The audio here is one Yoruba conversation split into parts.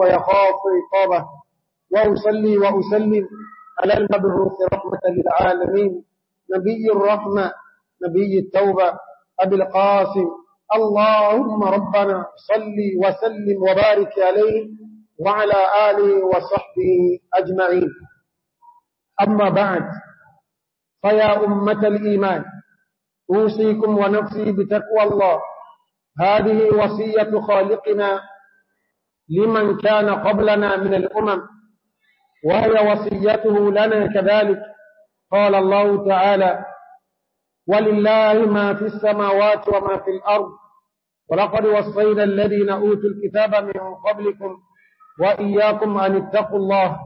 ويخاف عقابه وأصلي وأسلم على المبعوث رحمة للعالمين نبي الرحمة نبي التوبة أبي القاسم اللهم ربنا صلي وسلم وبارك عليه وعلى آله وصحبه أجمعين أما بعد فيا أمة الإيمان أوصيكم ونفسي بتقوى الله هذه وصية خالقنا لمن كان قبلنا من الأمم وهي وصيته لنا كذلك قال الله تعالى ولله ما في السماوات وما في الأرض ولقد وصينا الذين أوتوا الكتاب من قبلكم وإياكم أن اتقوا الله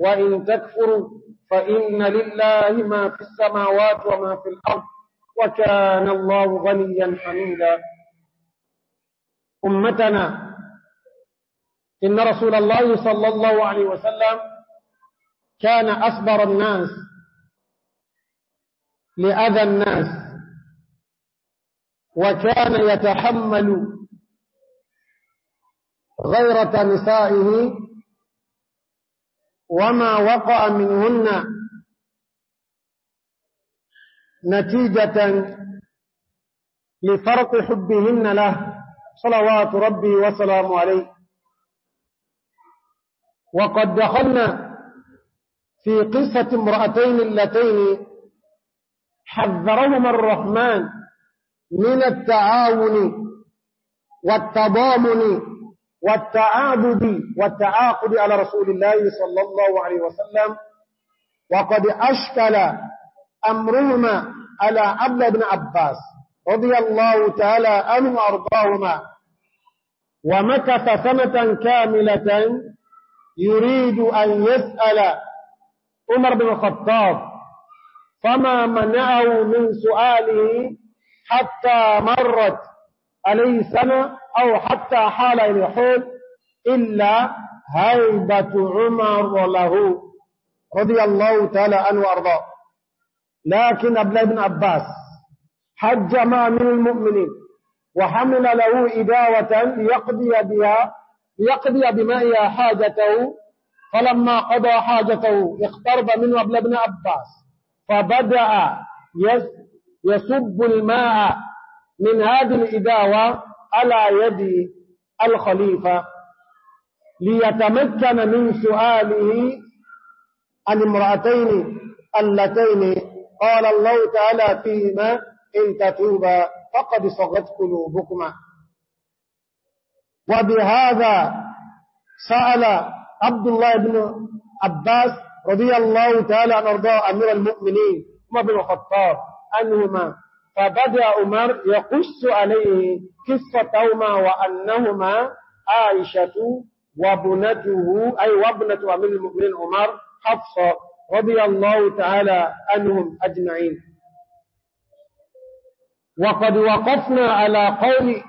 وإن تكفروا فإن لله ما في السماوات وما في الأرض وكان الله غنيا حميدا أمتنا إن رسول الله صلى الله عليه وسلم كان أصبر الناس لأذى الناس وكان يتحمل غيرة نسائه وما وقع منهن نتيجة لفرق حبهن له صلوات ربي وسلام عليه وقد دخلنا في قصة امرأتين اللتين حذرهما الرحمن من التعاون والتضامن والتعابد والتعاقد على رسول الله صلى الله عليه وسلم وقد أشكل أمرهما على عبد بن عباس رضي الله تعالى عنه أرضاهما ومكث سنة كاملة يريد أن يسأل عمر بن الخطاب فما منعه من سؤاله حتى مرت عليه سنة أو حتى حال إلى حول إلا هيبة عمر له رضي الله تعالى عنه وأرضاه لكن أبلا بن عباس حج ما من المؤمنين وحمل له إداوة ليقضي بها ليقضي بمائها حاجته فلما قضى حاجته اقترب منه قبل ابن عباس فبدأ يسب الماء من هذه الإداوة على يد الخليفة ليتمكن من سؤاله عن امرأتين اللتين قال الله تعالى فيهما إن تتوبا فقد صغت قلوبكما وبهذا سأل عبد الله بن عباس رضي الله تعالى عن أرضاء أمير المؤمنين عمر بن الخطاب أنهما فبدأ عمر يقص عليه قصتهما وأنهما عائشة وابنته أي وابنة أمير المؤمنين عمر حفصة رضي الله تعالى عنهم أجمعين وقد وقفنا على قول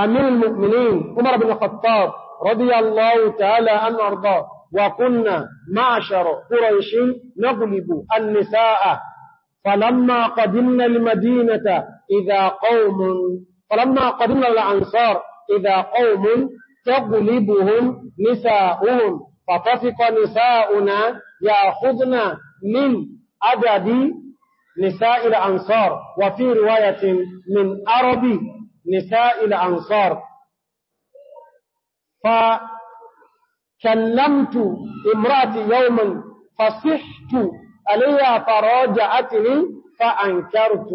أمير المؤمنين عمر بن الخطاب رضي الله تعالى عنه وارضاه وكنا معشر قريش نغلب النساء فلما قدمنا المدينة إذا قوم فلما قدمنا الأنصار إذا قوم تغلبهم نساؤهم فتفق نساؤنا يأخذن من عدد نساء الأنصار وفي رواية من أربي نساء الأنصار فكلمت امرأتي يوما فصحت عليها فراجعتني فأنكرت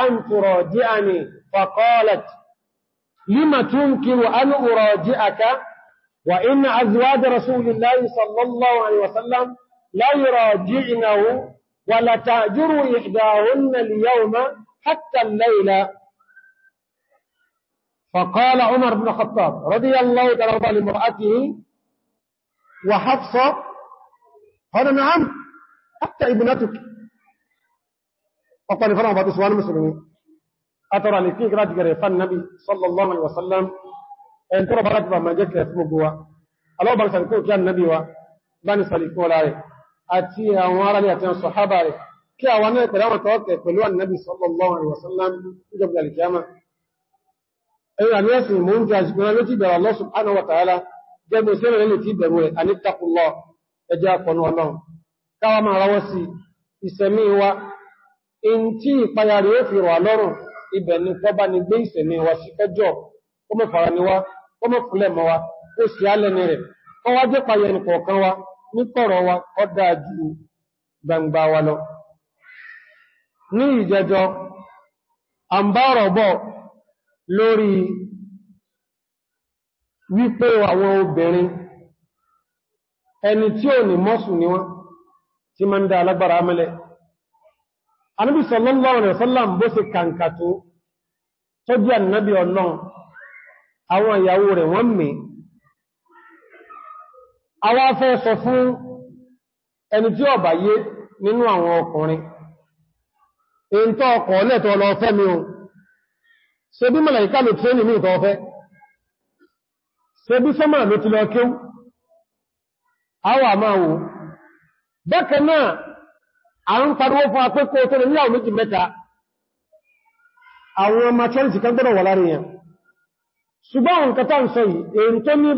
أن تراجعني فقالت لما تمكن أن أراجعك وإن أزواج رسول الله صلى الله عليه وسلم لا يراجعنه ولا تأجر إحداهن اليوم حتى الليلة فقال عمر بن الخطاب رضي الله تعالى لمرأته وحفصة قال نعم حتى ابنتك فقال فرعون بعض سوان المسلمين أترى لكي قرأت قريفا النبي صلى الله عليه وسلم أن ترى برد ما جاك يسمقوا ألو بل سنكون كان النبي وبني سليكوا لاري أتي أموارا لي أتي الصحابة لي كي أولا يتلاوى توقع كلوا النبي صلى الله عليه وسلم قبل الكيامة ẹ̀rọ àmì ẹ̀sìn mò ń jọ àṣìkòrò ló ti bẹ̀rẹ̀ Allah subhanahu wa ta'ala jẹ́gbẹ̀ sí ẹ̀rẹ̀ lè ti bẹ̀rù ẹ̀ àníkàkùnlọ ẹjẹ́ àpọ̀nù ọlọ́run káwa máa rawọ́ sí wa in tí ìpayà rẹ̀ ó fi rọ̀ lọ́rùn ibẹ̀ ni kọ́ bá wa sí lórí wípé àwọn obìnrin ẹni tí ò ní mọ́sù ni wọ́n tí ma ń dá alágbára amẹ́lẹ̀. Ànábì sallallahu alaihi bó ṣe kàǹkà tó tó jẹ́ ànábì ọlọ́run àwọn ìyàwó rẹ̀ wọ́n mẹ́ àwọn afẹ́ sọ fún ẹni tí ó nínú àwọn ọkùnrin èyí tó mi ohun ṣe bí mọ̀láìká ló tí ó nì ní ìtọ́ ọ̀fẹ́ ṣe bí sọ́mà ló ti lọ kíw àwà máa wò a ń pariwo fún apẹ́kọ́ tó lè níyàwó méjì mẹ́ta àwọn maturity kan gbọ́dọ̀ wà láàrin yẹn ṣùgbọ́n nǹkan tá ń sọ yìí èrù tó ní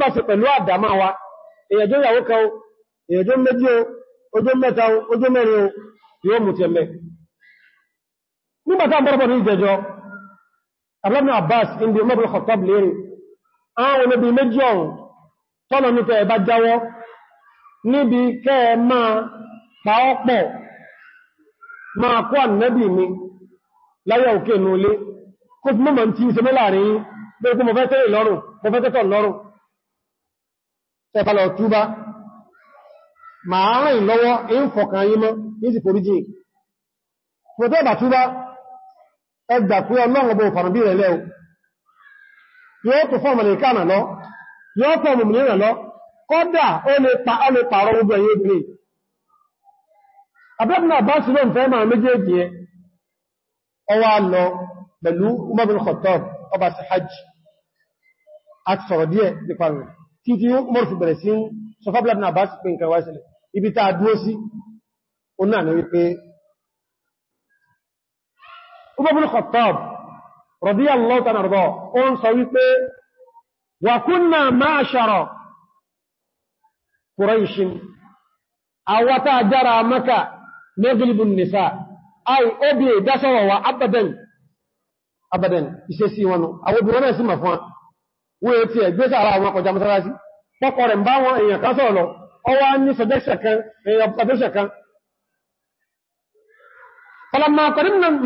abúlábìnà abbas in bí ọmọ Khattab lérè àwọn olóbi méjì ọ̀rùn tọ́lọ nípa ẹ̀bá jáwọ́ níbi kẹ́ ẹ máa pàọ́pọ̀ máa kó ànẹ́bì mi láyé òkè nulé kó fún mọ́mọ̀ tí ṣe mẹ́láàrin yí ẹgbà pé ọlọ́run ọbọ̀ òfàrùn bí rẹ̀ lẹ́ o yóò tó fún ọmọlẹ̀ ìkànà lọ yóò tó ọmọ mìíràn lọ kọ́dà ó lè pa ó lè pààrọ̀ gbogbo ẹ̀yẹ obìnrin abẹ́bùnà bá sí lóun fẹ́ máa méjèèjì ẹ ọwá lọ pẹ̀lú Umar bin Khattab ọba sí hajj Umar bin Khattab radiyallahu ta'ala anhu ó ń sọ wípé wa kunna ma'ashara Quraishin àwọ́ta àjára Maka naglibun nisa ai obi ìdáṣọ́wọ̀ wa abadan abadan iṣẹ́ sí wọn àwọn obìnrin náà sí ma fún wọ́n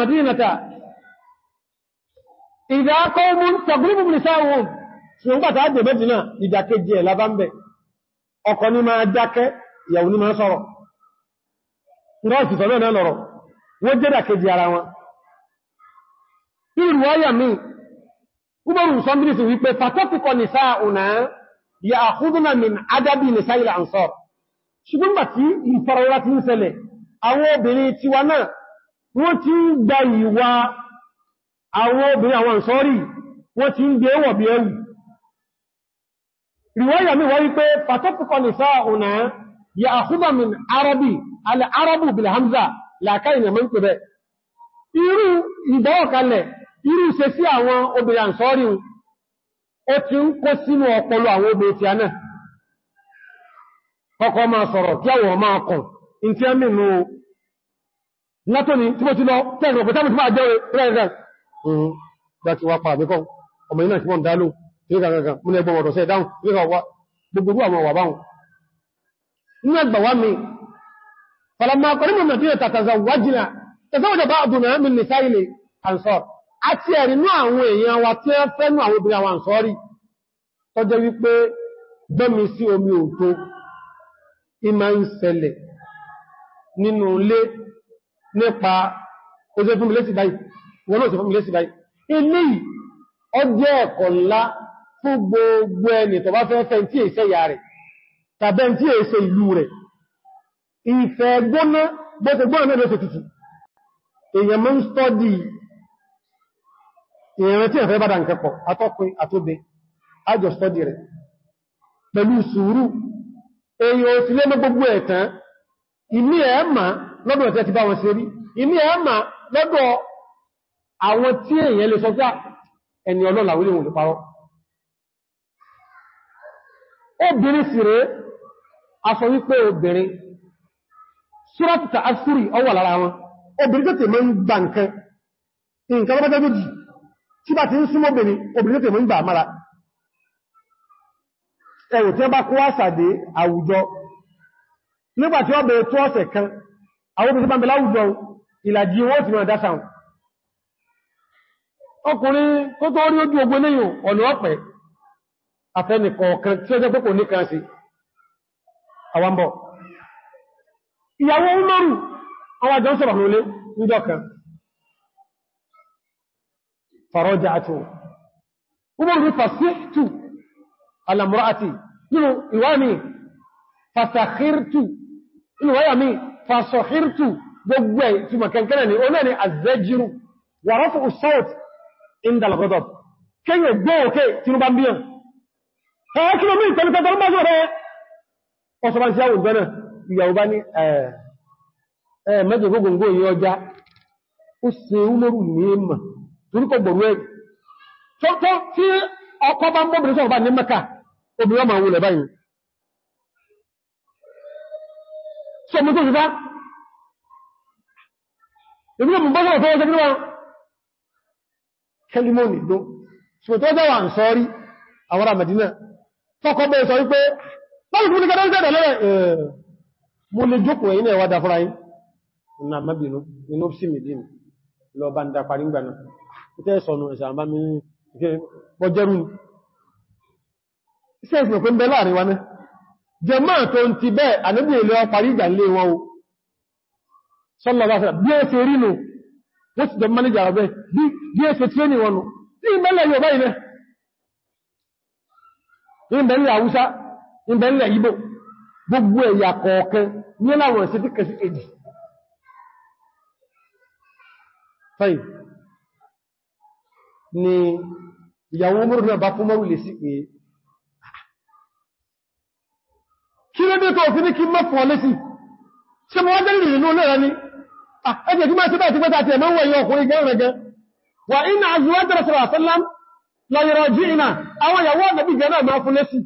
madinata ìdá kọ́ọ̀mù tàbílùmù nìsáwọn ṣùgbọ́n bàtà àjò mẹ́dínà ìdàkejì ẹ̀ lábámbẹ̀ ọkọ ní máa dákẹ́ ìyàwó ní máa sọ̀rọ̀ rọ́ọ̀sì tọ́lẹ̀ náà lọ́rọ̀ wọ́n jẹ́ dàkejì ara wọn ìrù ọyà mi umaru sọmbìnìsì ya àkúdùnà min adábì nìsá ilẹ̀ àǹsọ̀r ṣùgbọ́n bàtí ìfọ̀rọ̀wọ́lá ti ń ṣẹlẹ̀ àwọn obìnrin tiwa náà wọ́n ti ń gba ìwà àwọn obìnrin àwọn ìṣọ́rí wọ́n ti ń gbé wọ̀ bí ẹrù riwaya mi wọ́n wípé pàtàkùkọ ya min arabi ala bil hamza làkáì ní mọ́n pẹ̀bẹ̀ irú ìdọ́ọ̀kalẹ̀ irú ṣe sí àwọn obìnrin àǹsọ́rí gbáti wá pàbí kọ́ ọmọ iná kí wọ́n dálò gẹ́gẹ́gẹ́gẹ́ múlẹ̀ gbọ́n ọ̀dọ̀ sẹ́ dáhùn gbogbo àwọn wà báhùn inú ẹgbà wá mi falamma kọrìmọ̀ mẹ́fíẹ̀ tàtàzàwájìlá tàtàwàjà bá àdùnà min nisáìlì ansọ́r àti ẹ̀rinú àwọn èèyàn wa tí ẹ fẹ́nu àwọn obìnrin àwọn ansọ́rí tó jẹ́ wípé gbẹ́mi sí omi òtó ìmá ń ṣẹlẹ̀ nínú ilé nípa ojẹ́ fún mi lé báyìí wọ́n ló ti fún mi lé sí báyìí eléyìí ọjọ́ ẹ̀kọ́ ńlá fún gbogbo ẹni tó bá fẹ́ fẹ́ tí èsẹ́ ìyá rẹ̀ tàbí tí èsẹ́ ìlú rẹ̀ ìfẹ́ gbóná gbọ́tẹ̀gbọ́n mẹ́rin oṣù tutù èèyàn mọ́ ń stọ́dì ìrìn tí ẹ̀fẹ́ bádà nkẹ́kọ̀ọ́ atọ́pin àtóbe ajọ stọ́dì lọ́dọ̀ ẹ̀tẹ́ ti bá wọn ṣe rí ìní ẹ̀ẹ́mà lọ́dọ̀ àwọn tí èèyàn lè sọ pé ah, ẹni ọlọ́lá wílé wọn lè parọ́ obìnrin sì rẹ̀ aṣọ wípé obìnrin ṣúrọ́tìta asúrì ọwà lára wọn obìnrin tètè mọ́ ń gbà nǹkan nǹkan lọ́pẹ́ méjì tí bá ti ń súnmọ́ obìnrin obìnrin tètè mọ́ ń gbà mara ẹ̀wò tí wọ́n ọkùnrin kó tó rí ojú ogun léyìn ọ̀nà ọ̀pẹ́ àfẹ́nìkọ̀ọ̀kan tí ó jẹ́ púpọ̀ níkan sí àwambọ̀. ìyàwó Umaru àwọn àjọ ń sọ̀rọ̀ lólé níjọ́ kan farọ́jà àti Umaru ní fasíhtù alamurati nínú ìwá mi fasahirtu nínú wáyà gbogbo ẹ̀ tí indalagọ́dọ̀ kéyè gbé òkè tí ó bá ń bí yàn ẹ̀ẹ́ kí ló mú ìtẹ́lẹ̀tẹ́ tó bá jọ rẹ̀ ọ̀sọ̀bá sí àwọn ìgbẹ́nà ìyàwó bá ní ẹ̀ẹ̀mẹ́jọ eh, eh, gógóngó yí ọjá ó se úmọ́rù ní èèmà torí kọ gbọ̀rú ẹ̀rì tó tí ọkọ bá kẹlimọ́nì ló ṣùgbọ́n tó jẹ́wà ń sọ́rí àwọn àmàdínà tọ́kọ́ bẹ́ẹ̀ sọ wípé báwọn tó ní kẹta ń tẹ́ẹ̀dẹ̀ lẹ́rẹ̀ eh, mo lè jókòó ẹ̀yìn ẹ̀wà dáfúra yìí na mẹ́bìnú inú sí mìdínú lọ bá ń da parí gbà náà tẹ́ẹ̀sọ̀nù láti jọ manager ọ̀bẹ́ bí é ṣe tíẹ́nì wọnù tí ìbẹ̀lẹ̀ Yorùbá ilẹ̀ ìbẹ̀lẹ̀ Haúsá ìbẹ̀lẹ̀ Ìgbò gbogbo ẹ̀yà kọ̀ọ̀kan ní láwọn ẹ̀sẹ̀ tí kẹsí kejì fẹ́yìn ni ìyàwó mọ́rún náà bá fún mọ́rún lè sí pé kí ló dé tó fi ní kí mọ́ fún ọ lé sí ṣe mọ́ wọ́n dẹ́rìn ìrìnlú náà ni Ah, ẹgbẹ̀ tí máa síbẹ̀ tí pẹ́ta ti ẹ̀mọ́ wọ ìyọ ọkùnrin gẹ́rùn ẹgẹ́ wà iná azúwẹ́dẹ̀rẹ̀ sọ̀rọ̀ àṣẹ́lám lọ́yọ̀rọ̀ jí iná àwọn ìyàwó ọ̀nàbí gẹ́rẹ̀ máa fún lẹ́sì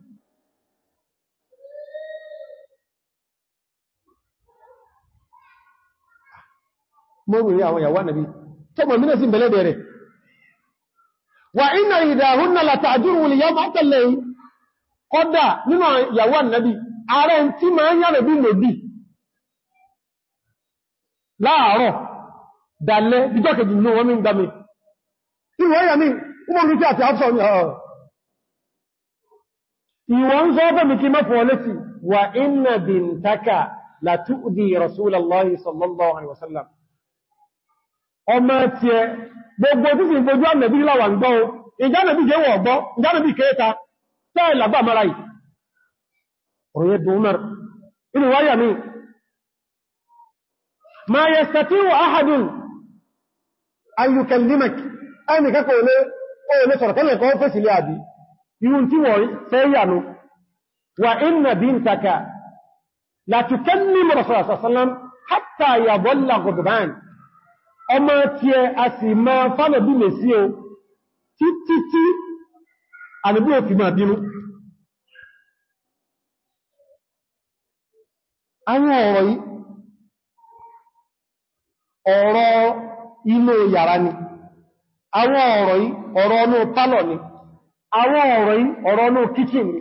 mọ́rùn-ún àwọn ìyàwó ọ̀nàbí láàárọ̀ dalẹ́ díjọ́ kejì ní wọ́n mi ń gbami inú ẹ̀yà mi umar ní tí àti afsọ ní ọ̀rọ̀ ah. ìwọ̀n sọ fẹ́mi kí mẹ́fọ́ lẹ́tì wà inna bintaka la tu'di rasulallahi sallallahu alaihi wasallam ọmọ ti ẹ gbogbo tí sì ń fojú ànàbí láwà ń gbọ́ ìjánàbí jẹ́ wọ̀ ما يستطيع أحد أن يكلمك أنك قولي قولي سرطان لك وفسي لأبي ينتوي سيانو وإن بنتك لا تكلم رسول الله صلى الله عليه وسلم حتى يضل غضبان أما تيه أسيما فنبي مسيو تي تي تي أنبوه فيما بينو أنا أرأي ọ̀rọ̀ inú yàrá ni àwọn ọ̀rọ̀ yìí ọ̀rọ̀ inú pálọ̀ ni àwọn ọ̀rọ̀ yìí ọ̀rọ̀ inú kichin ni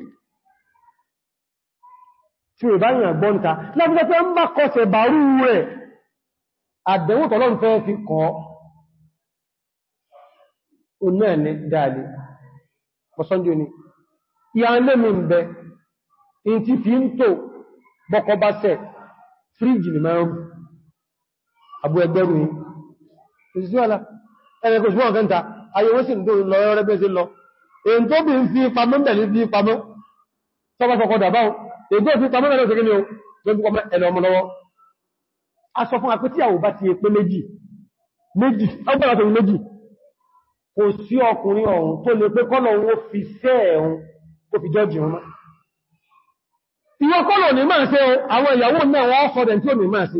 tí ó bá yìnbọn gbọ́nta lábúgbẹ́ ń bá kọsẹ̀ bàrú rẹ̀ àbú ẹgbẹ́rù yìí òṣìṣẹ́ ọ̀la ẹnìkò ṣùgbọ́n ọ̀gẹ́ta ayẹwọ́ sí ìdó lọ rẹ̀ bẹ́ẹ̀ sí lọ èyí tó bí ń fi pamọ́ mẹ́lẹ̀ fi pamọ́ tọ́bọ̀ fọ́kọ́ dàbáwọ́ èyí tó fi pamọ́ mẹ́lẹ̀ òṣèré ni ó lójú pamọ́ ẹ̀nà ọmọ lọ́wọ́ a sọ fún apẹ́tí àwò bá ti pé méjì méjì ọgbọ́n àtòrí méjì kò sí ọkùnrin ọ̀hún tó lè pé kọ́lọ̀ owó fi sẹ́ ẹ̀hún kò fi jọ́jì wọn mọ́ ìwọ kọ́lọ̀ ní máa ṣe àwọn ìyàwó náà wọ́n sọ́dẹ̀ tí ò ní máa ṣe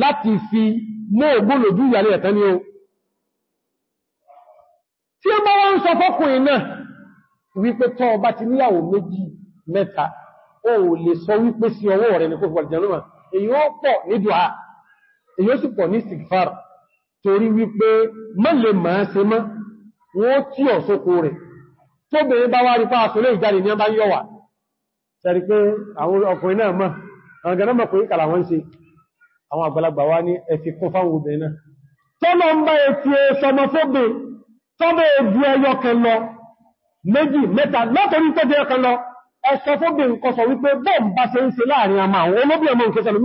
láti fi mọ́ ògbó lójú ìyàlẹ̀ ẹ̀tẹ́ ni ó tí ó bá wọ́n ń sọ fọ́kùnrin náà wípé tọ́ ọba ti níyàwó méjì mẹ́ta ó lè sọ wípé sí ọwọ́ rẹ̀ ní kó fọ́lẹ̀ jẹ́rùmà èyí ó pọ̀ ní dùá èyí ó sì pọ̀ ní sigfar torí wípé àwọn àgbàlagbà wá ní ẹ̀fì kún fáwọn obìnrin náà tọ́lọ ń bá ẹ̀fì ẹ̀sọmọfóbè tọ́bẹ̀ ẹ̀bù ẹyọ kan lọ méjì mẹ́ta látọrí tọ́jẹ́ ẹyọ kan lọ ẹ̀sọfóbè nǹkan sọ wípé bọ́ọ̀m bá ṣe ń ṣe láàrin àmà àwọn olóbì ọmọ nǹkan sẹlẹ̀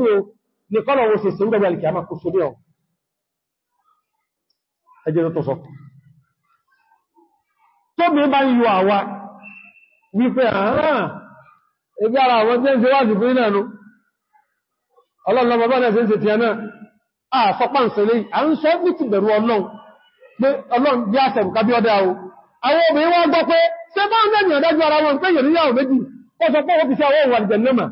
míràn ní kọ́lọ̀ ọlọ́run ọba náà sí ń ṣe ti ẹ̀nà àfọ́pá ìṣẹ̀lẹ̀ à ń sọ ní ti bẹ̀rù ọlọ́run pé ọlọ́run bí àṣẹ̀rù kábí ọdá o àwọn obìnrin wọ́n gbọ́ pé ṣe bá ń dẹ̀mì ọ̀dájú ara wọn pé yòríyàwó méjì ó sọ pé ó fi sí àwọn òwà ìjẹ̀nàmà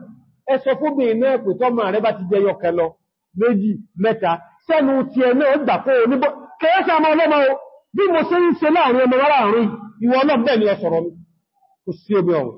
ẹ sọ fóbìnrin náà pé tọ́mọ rẹ bá ti jẹ yọkẹ lọ méjì mẹ́ta sẹ́nu ti ẹ̀ náà gbà pé oníbọ́ kẹ́ẹ́sẹ́ ọmọ ọlọ́mọ o bí mo ṣe ń ṣe láàrin ọmọ wárà àrùn ìwọ ọlọ́run bẹ́ẹ̀ ni ọ sọ̀rọ̀ mi kò sí omi ọ̀run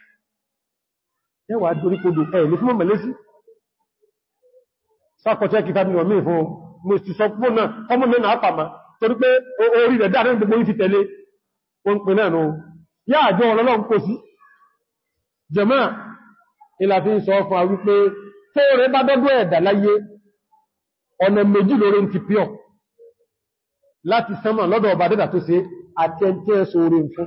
ẹwà doríkodò ẹ̀lẹ́ fún mọ̀lẹ́sí sákọ̀tẹ́ kìtà ní ọmọ ìfún mọ̀sí sọ pọ́ náà ọmọ mẹ́nà àpàmà torí pé orí rẹ̀ dáadẹ́ gbogbo yìí ti tẹ̀lé wọ́n pè náà nù yá àjọ ọlọ́lọ́n kò sí jàmá ìlàfí sọ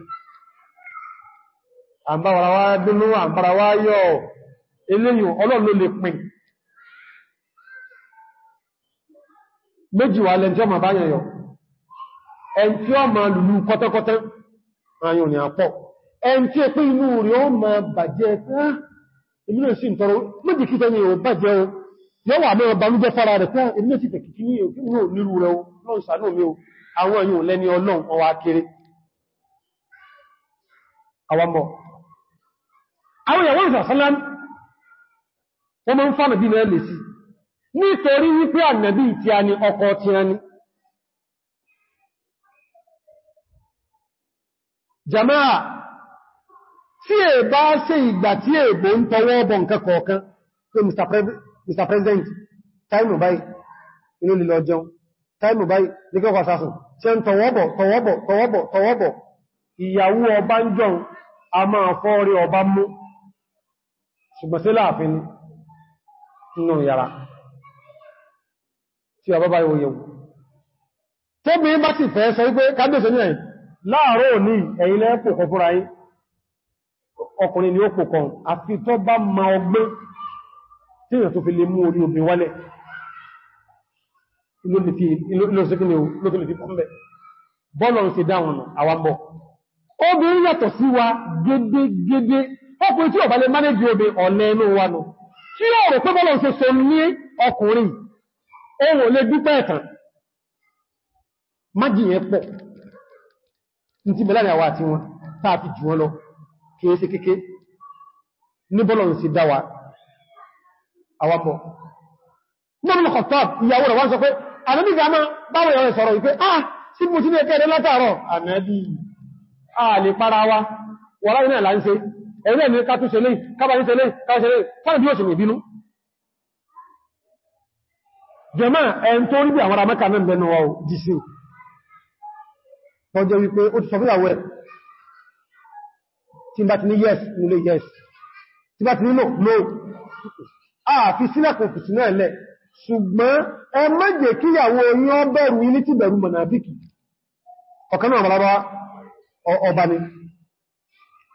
àbáwàráwá bínú àbárawá yọ eléyìn ọlọ́run ló lè pin méjì wà lẹ́n tí ọmọ bá yẹn yọ ẹn tí ó ma lùlú kọ́tẹ́kọ́tẹ́ ayùn ni àpọ̀ ẹn tí ẹ pé inú rẹ̀ ó ma bàjẹ́ ẹ́ ah, ìmúlò sí ìtọrọ méjì kí tẹ́yìn o yọ wà mẹ́rọ balúgbẹ́ fara rẹ̀ pẹ́ ìmúlò sí tẹ̀kì ní ìrú rẹ̀ o lọ́nṣàánú mi o àwọn èèyàn lẹ́ni ọlọ́run ọwà kéré àwọn mọ̀ àwọn ìyàwó ìsàsánlám wọ́n mọ́ ń fà nàbí mẹ́lẹ̀ sí nítorí wípé ànàbí tí a jama'a è bá ṣe ìgbà tí ń tọwọ́ nǹkan Mr. President time báyìí inú lílọ jẹun time báyìí nígbẹ́kọ̀ sásùn tí ń tọwọ́bọ̀ tọwọ́bọ̀ tọwọ́bọ̀ ìyàwó ọba ń jọun a máa ọba mú ṣùgbọ́n sí láàfin nínú yàrá tí ọba bá yóò yẹ̀wò tóbi bá ti fẹ́ sọ wípé kábíyèsí ní ẹ̀yìn láàárọ̀ ní ẹ̀yìn lẹ́pò kan fúnra yí ọkùnrin ni ó pò kan àfi tó bá ma ọgbẹ́ tí èyàn tó fi lè mú orí obì wálẹ̀ ilóòsìkí ọkùnrin tí isi lè mánéjì obè ọ̀lẹ́ inú wa nù tí ọ̀rọ̀ pé bọ́lọ̀ ṣe so ní ọkùnrin ohun lè dúpẹ́ ẹ̀tàn májìyàn pọ̀ ní ti bẹ̀lá àwà àti wọn táà fi jù wọn lọ kìí ṣe kéké ní bọ́lọ̀ ṣe dáwà àwapọ̀ ẹ̀rẹ́ mi ká tún ṣe léyìn kábàrí ṣe léyìn ká ṣe léyìn fáwọn bí ó sì mì bínú jẹmọ́ ẹn tó rí bí àwọn aramẹ́ka náà lẹ́nu ọ dìsí wípé ó ti sọ fún ìyàwó ẹ̀ yes nílé yes tí bá no no ààfi sílẹ̀kùn kùsù náà lẹ̀ ṣùgbọ́n ẹ má jẹ́ kí ìyàwó yán bẹ̀rù ní ti bẹ̀rù mọ̀nàbíkì ọ̀kan ni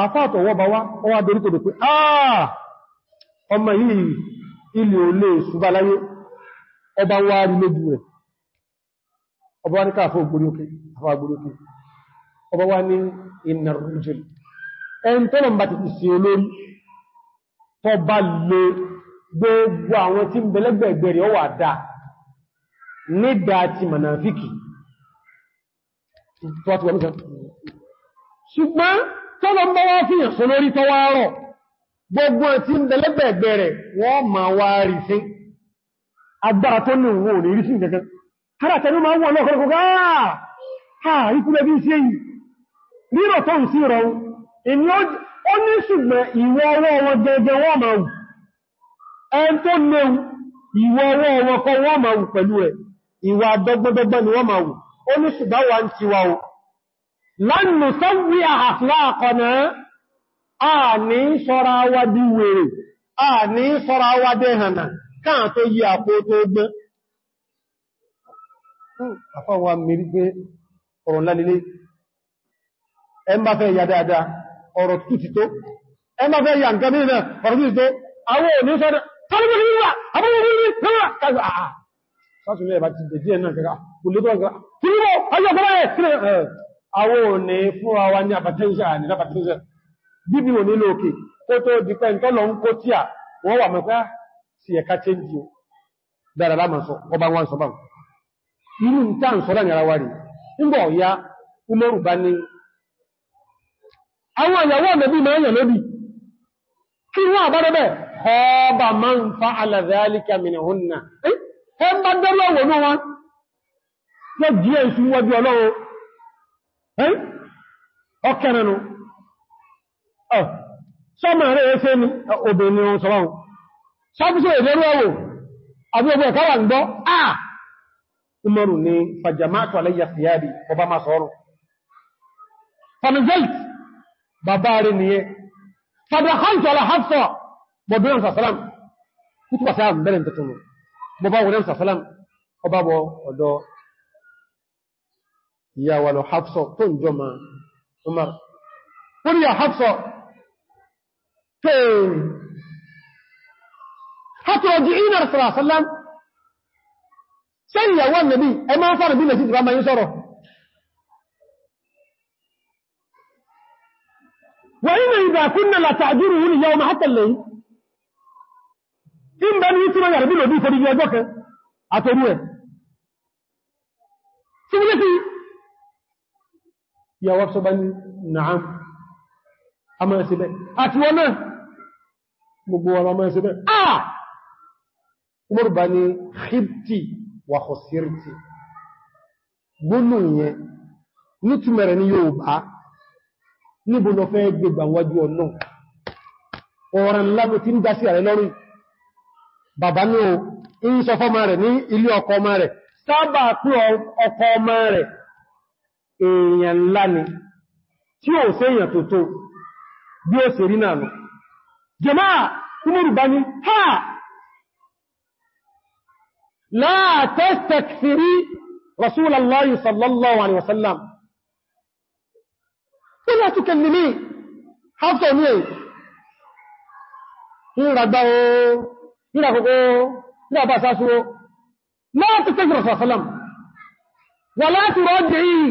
àfáàtọ̀ wọ́n bá wá ọwá doríkòdò pé àà ah, ọmọ yìí ilé olè ṣùgbà láyé ọba wá rí lójú rẹ̀ ọba wá ní káàfà ògbóríókè ọba wá ní iná rújùl ẹn tó lọ́mbà ti fi olórí tó bá lè gbogbo àwọn tí ṣùgbọ́n tọ́lọ mọ́ wá fíyàn sọ lórí tọ́ wá rọ̀ gbogbo ẹ̀tí ń bẹ̀lẹ́gbẹ̀ẹ̀gbẹ̀ rẹ̀ wọ́n ma wá rí sí agbára tó ní òun ní rí sí ìgẹ́gẹ́ ara tẹ́lú ma ń ah! Ah! wọ́n lọ́kọ̀ọ́kọ́ gáà ikúlẹ̀ ni ma lọ́nà sọ́wí àhàfíà àkọ̀nà a ní sọ́ra wá di wèrè a ní sọ́ra wá dé hànà káà tó yí àpò tó gbẹ́ hmm, àfáwà mìírí pé ọ̀rọ̀ lálilé ẹmbá fẹ́ yà dáadáa ọ̀rọ̀ tó ti tó ọrụ fẹ́ yà nǹkan ọ̀rọ̀ tó àwọn òní àwọn òní fún àwa ní appetizer ni appetizer bíbí òní lóòkè ó tó dìpẹ́ ìtọ́lọ ń kó tí à wọ́n wà mẹ́fẹ́ sí ẹ̀ká chéńjì dára lámàsọ ọba wọn sọ báwọn inú ìta ń sọ́dá nìyàrá wárí nígbà ọ̀yá umaru bá ní àwọn àyàwó ọ̀nàbí máa yàn lóbi kí wọ́n àbárẹ́bẹ̀ ọba máa ń fa ọkẹrẹnu sọ́mọ̀ rẹ̀ ẹ́fẹ́ ní obìnrin ohun sọ́wọ́n sọ́bùsọ̀ ìdẹ́rú ọwọ́ àbúgbò ẹ̀kọ́wà ń gbọ́ àà umaru ni fàjàmátù aláyà fìyàrí ọba máa sọ́rọ̀ fanizelt bàbá rẹ̀ nìyẹ fàdàkọ́ntọ̀ aláhàfẹ́ bọ̀bìnrin sàsálàm kútùbà sáà bẹ̀rẹ̀ tuntun bọ́bá wọlé sàsálàm ọba bọ̀ ìyàwó lọ Hafsọ tó ń jọmọ Umar wọ́n yà Hafsọ tóòrò hátọ̀ ọjọ́ iná sàrásálám sẹ́yìn ìyàwó nàbí ẹ máa fara bí nàíjíríà máa yí sọ́rọ̀ wà ní ìgbà kúnnà látàjúrù wúlì yà ọmọ hátàlẹ̀ yìí ń bẹ ní ìtura yàrá bí lòdí ìfẹ́dí àtọrú ẹ̀ tí wọ́n lé sí yàwó sọ bá ní nàám a máa ṣe bẹ́ àti wọ́n náà gbogbo wọn máa ṣe bẹ́ àà Umar bá ní khibti wa khusirti gbónú ìyẹn ní túnmẹ̀rẹ̀ ní Yorùbá níbo lọ fẹ́ èèyàn ńlá ni tí ó ṣe èèyàn tó tó bí ó ṣe rí náà lọ jẹmáà kúmọ̀rù bá ní ha látẹ́sẹ̀kìrí rasúlọ́lọ́ sallallahu alaihi wasallam tí láti kẹlìmí hafẹ́ ní ẹ̀ ìràgbà oó ìràkókó ìràbà sáṣúwó láti kẹlìmí rasúlọ́lọ́ wà láti rọ́dẹ̀ yìí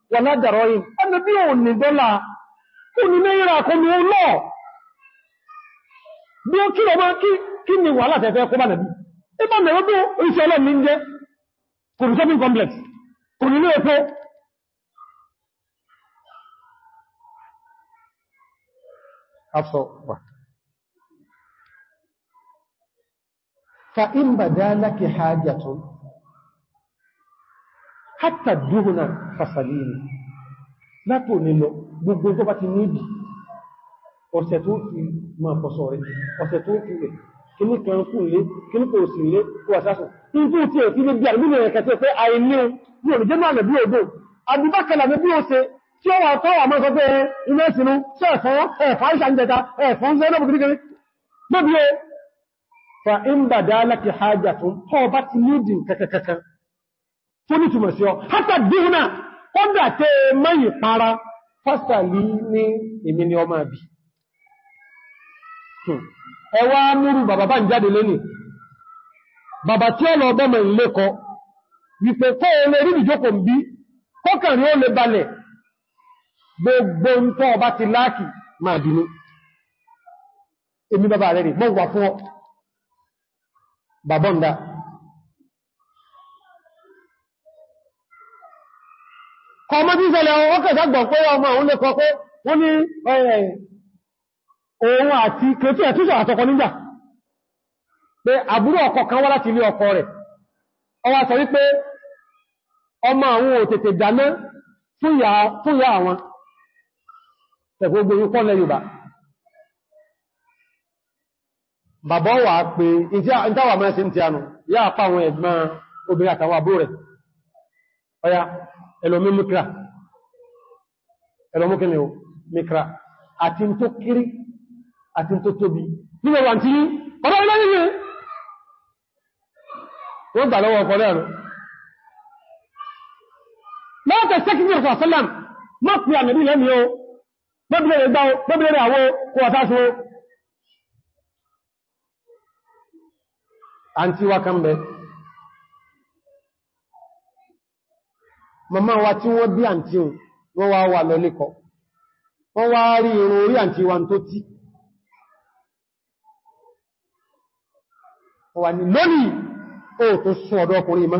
wọ̀lá dàrọ yìí ẹni bí o ní dọ́là o ní náírà kò ní ọlọ́ bí ó kí ọmọ kí ni wà látẹ̀fẹ́ kó bá nàbí ẹgbà mẹ́rọ oríṣẹ́ ọlọ́mí jẹ́ kò ní shopping complex kò ní lóòpó fa in badalaki hajjatun hátà dúhùnà fàṣàlìyàn látò nílọ gbogbo tó bá ti níbi ọ̀sẹ̀ tó fi máa fọ́sọ̀ rẹ̀ ọ̀sẹ̀ tó fi rẹ̀ kíní kan kú lé kíní kò sí lé kó àsásùn nígbó tí è fi lé bí àrùn rẹ̀ kẹtẹ́ tí ó tó ní túnmọ̀ sí ọ hátà dúnà kọ́dà tẹ́ mẹ́yìn para fásitàlì ní èmi ni ọmọ àbí hmm. ẹwà múrù bàbá bá ń jáde lẹ́nì bàbá tí ó lọ bọ́mọ̀ ìlékọ wípé kọ́ olè rí ìjókò ń bí kọ́kànrí ó kọmọ tí ìṣẹ̀lẹ̀ wọ́n kẹsàgbọ̀ pé ọmọ òun lè kọ pé wọ́n ní ohun àti kẹtí ẹ̀túṣọ̀ àtọkọ níjà pé àbúrò ọkọ kan wá láti ilé ọkọ rẹ̀ ọwá sọ wípé ọmọ àwọn ò tètè dáná fúnyà àwọn tẹ̀gbogbo pọ́lẹ̀ Yorùbá bàbá wà pé ìtàwà mẹ́sìn ti ànù yáà pa àwọn ẹ̀gbọ́n ẹlọ́mí mikra ẹlọ́mí kẹni o mikra àti tó kiri àti tó tóbi nínú wà tí ọ̀rọ̀ ilẹ̀ yìí wọ́n gbà lọ́wọ́ ọkọ̀ lẹ́rọ lọ́wọ́tẹ̀ sẹ́kì Àǹtíwá kan bẹ̀rẹ̀. màmá wa tí wọ́n bí àǹtí wọn wá wà lọ lẹ́kọ́ wọ́n wá irun orí àǹtí wa tó tí wà ní lónìí ó tó sún ọ̀dọ́ ọkùnrin ma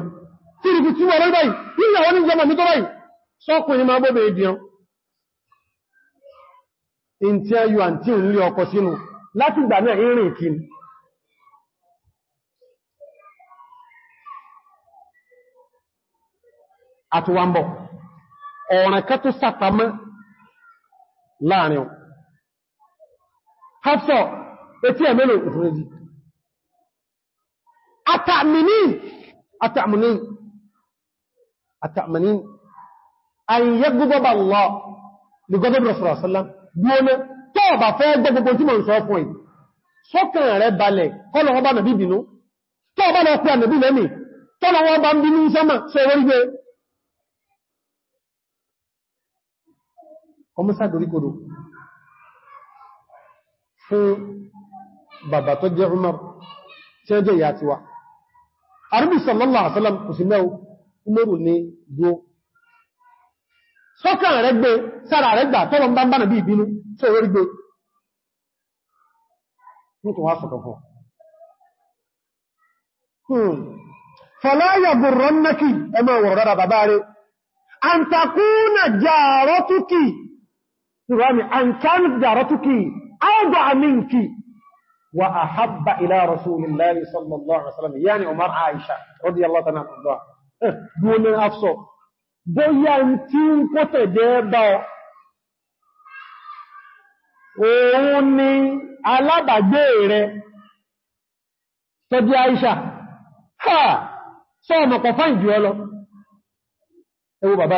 tí rí tí wọ́n rẹ̀ báyìí níyàwó ní jọmọ̀ àti wà ń bọ̀. ọ̀ràn kẹ́ tó sàpamọ́ láàrin ọ̀. hafsọ etí ẹ̀ mẹ́lò ìfúnrẹ́jì àtàmìní àtàmìní àtàmìní àyíyẹ gúgbọ́bà lọ ní gọ́gọ́bà sọ̀rọ̀sọ́lá bí ó mẹ́ tó ọ̀bà fẹ́ gbogbo tí mọ̀ ń sọ fún ẹ̀ sọ́kàn rẹ̀ balẹ̀ kọ́lọ̀ wọ́n bá lọ pẹ́ nàbí ọmọ sàdóríkodò fún bàbá tó jẹ́ Umar tí ó jẹ́ ìyá tiwa arúbí sallallahu alaihi wasallam kò sí mẹ́ Umaru ní dúó sọ́kàn rẹ̀ gbé sára rẹ̀ gbà tọ́lọ ń bá ń bá nàbí ìbínú tí ó gbé nítorí wá sọ̀tọ̀ ìrọ̀mí àǹkánì dàrọ́tùkì áwọ̀dọ̀ àmìnkì wa ahabba ila rasulillahi sallallahu alaihi wasallam yani umar aisha radiyallahu ta'ala anha gbọ́nà eh, afsọ bóyá tí ń kó tẹ̀dẹ́ bá òun ni alábàgbé rẹ̀ tọ́jú aisha ha sọ́ọ̀mọ̀pọ̀ fáìjì ọlọ ẹwọ bàbá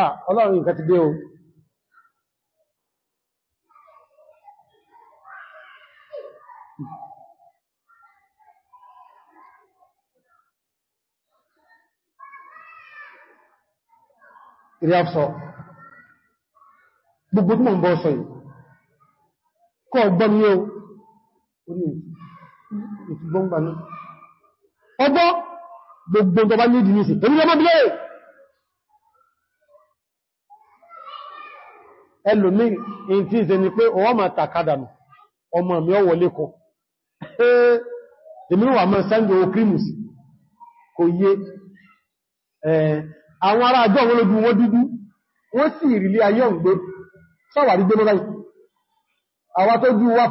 ah ọlọ́run nǹkan ti dé o ìrìn àfisọ gbogbo tí mọ̀ ń bọ́ sọ yìí kọ́ ọgbọ́n ní o orí ìfìgbọ́ngbà náà ọgbọ́ gbogbo tó bá ní ìdí ní sí èmi lọ́mọ́bílẹ̀ ẹlòmí in ti ìṣe ni pé ọwọ́ ma takádànù ọmọ mi ọwọ́ lékọ èmi wà mọ́ sẹ́ndọ̀ okrimus kò yé àwọn ará àjọ wọn lójú dúdú wọ́n sì ìrìlé ayé ọ̀gbé gbé mọ́láyì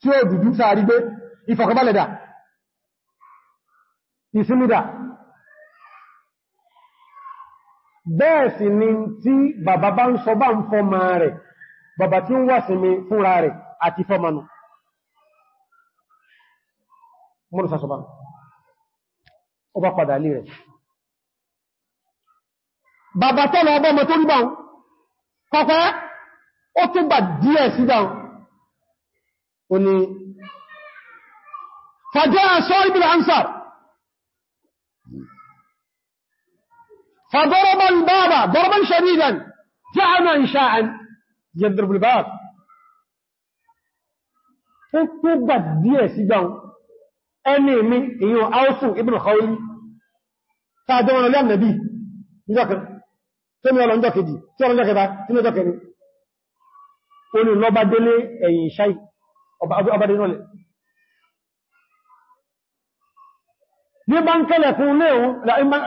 funfun gbé ìfọ̀kànbalẹ̀dà bẹ́ẹ̀ sì ni tí bàbá bá ń sọ bá ń fọmọ rẹ̀ bàbá tí ń wà sí mi fúnra rẹ̀ àti fọmọnù mọ́rù sàṣọ́bá ó bá padà lé rẹ̀ bàbá tọ́lọ ọgbọ́ ọmọ tó rígbà kọ́kọ́ ó tó gbà díẹ̀ sígbà ó ní fàjọ́ àṣọ́ ibìlà ansar فضرب الباب ضربا شديدا زعم إنشاء يضرب الباب فكبت دي سيجان أني من إيو أوسو ابن خولي فأدونا لي النبي يذكر تم يولون جاك دي تولون جاك دا تم يذكر قولوا لو بدلي أي شيء أبدلوا لي ní bá ń kẹ́lẹ̀ fún léhun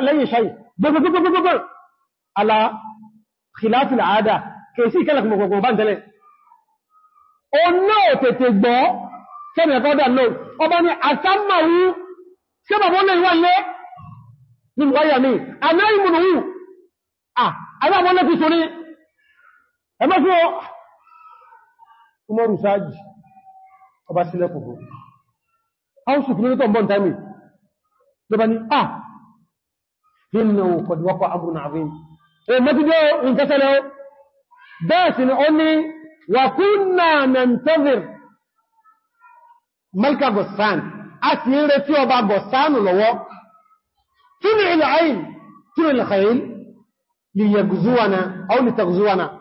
lẹ́yìn ṣáyìí gbogbogbogbogbogbo ala khilafi al'ada kèsí ìkẹ́lẹ̀ gbogbogbò bá ń tẹ́lẹ̀ o náà tètè gbọ́ tẹ́bẹ̀ kọ́dà náà ọba ni àtàmàwú tí ó bàbá olóyìn wà lé nínú wáyà mi anáyìmùnúwù àbábọ́lẹ́kùsọ ní ẹ إنه قد وقع أمر عظيم ما تجيو انكسلوا بس نقولني وكنا ننتظر ملك غسان أسير تيوبا غسان لو تنع العين تنع الخيل ليغزونا أو لتغزونا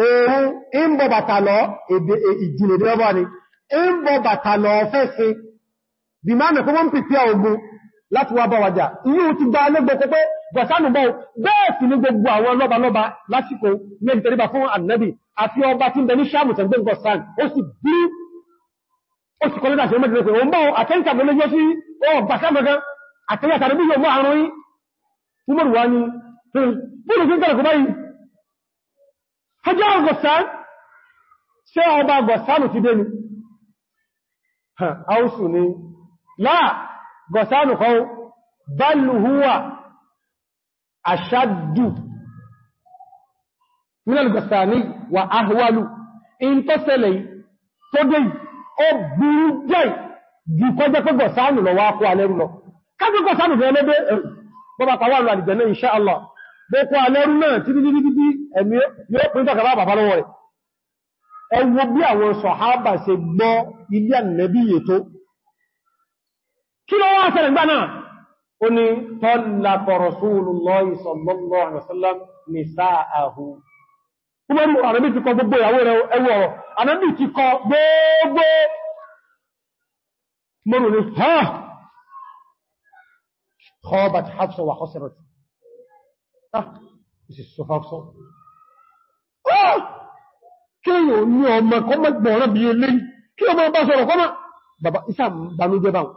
أو إن بابا تالو إجيني دي بابا ni إن بابا تالو فسي بما نكون بيبيا ogun láti wá bá wàjà inú ti gba alẹ́gbẹ̀ẹ́ pẹ́ gọ̀sánù bọ́ bẹ́ẹ̀ sì ní gbogbo àwọn lọ́balọ́ba lásìkò ní ìtẹríba fún ànẹ́bì àti ọba tí ń bẹ ní sàmù tẹ̀gbẹ́ gọ̀sán ó sì bí ó sì kọ́ lẹ́dàṣẹ́ mẹ́tẹ̀ẹ̀kẹ́ òun bọ́ àtẹ́ntàgbẹ́lẹ́jọ́ sí ọgbà sáàmẹ́gán àtẹ́yàtàrí bí yóò mọ́ àrùn yí umaru wa ni bóòrù sí gọ̀sánù kan bálùhúwà aṣáàdù mílẹ̀lù gọ̀sánì wà áhúwálù in tó ṣẹlẹ̀ tó dé ó burú jẹ́ jù kọjẹ́ pé gọ̀sánù lọ wá kó alẹ́rù lọ kájú gọ̀sánù fẹ́ lẹ́bẹ́ bọ́bá pàwàlù àdìjẹ̀nà insha Allah bókó alẹ́rù náà tí dídídídí ẹ̀mí yóò pín tọ́kà bá bàbá lọ́wọ́ kí ló wá ṣẹlẹ̀ gbá náà ó ní tọ́lápọ̀ Rasulullahi sallallahu alaihi wasallam nisa'ahu umaru anabi ti kọ gbogbo ìyàwó rẹ̀ ẹwọ anabi ti kọ gbogbo mọ́rún ní ha khabat Hafsa wa khasirat ah this is so Hafsa ah kí yóò ọmọ kọmọ gbọ̀rọ̀ bí eléyìí kí ọmọ bá sọ̀rọ̀ kọmọ bàbá isa banújẹ́ báwọn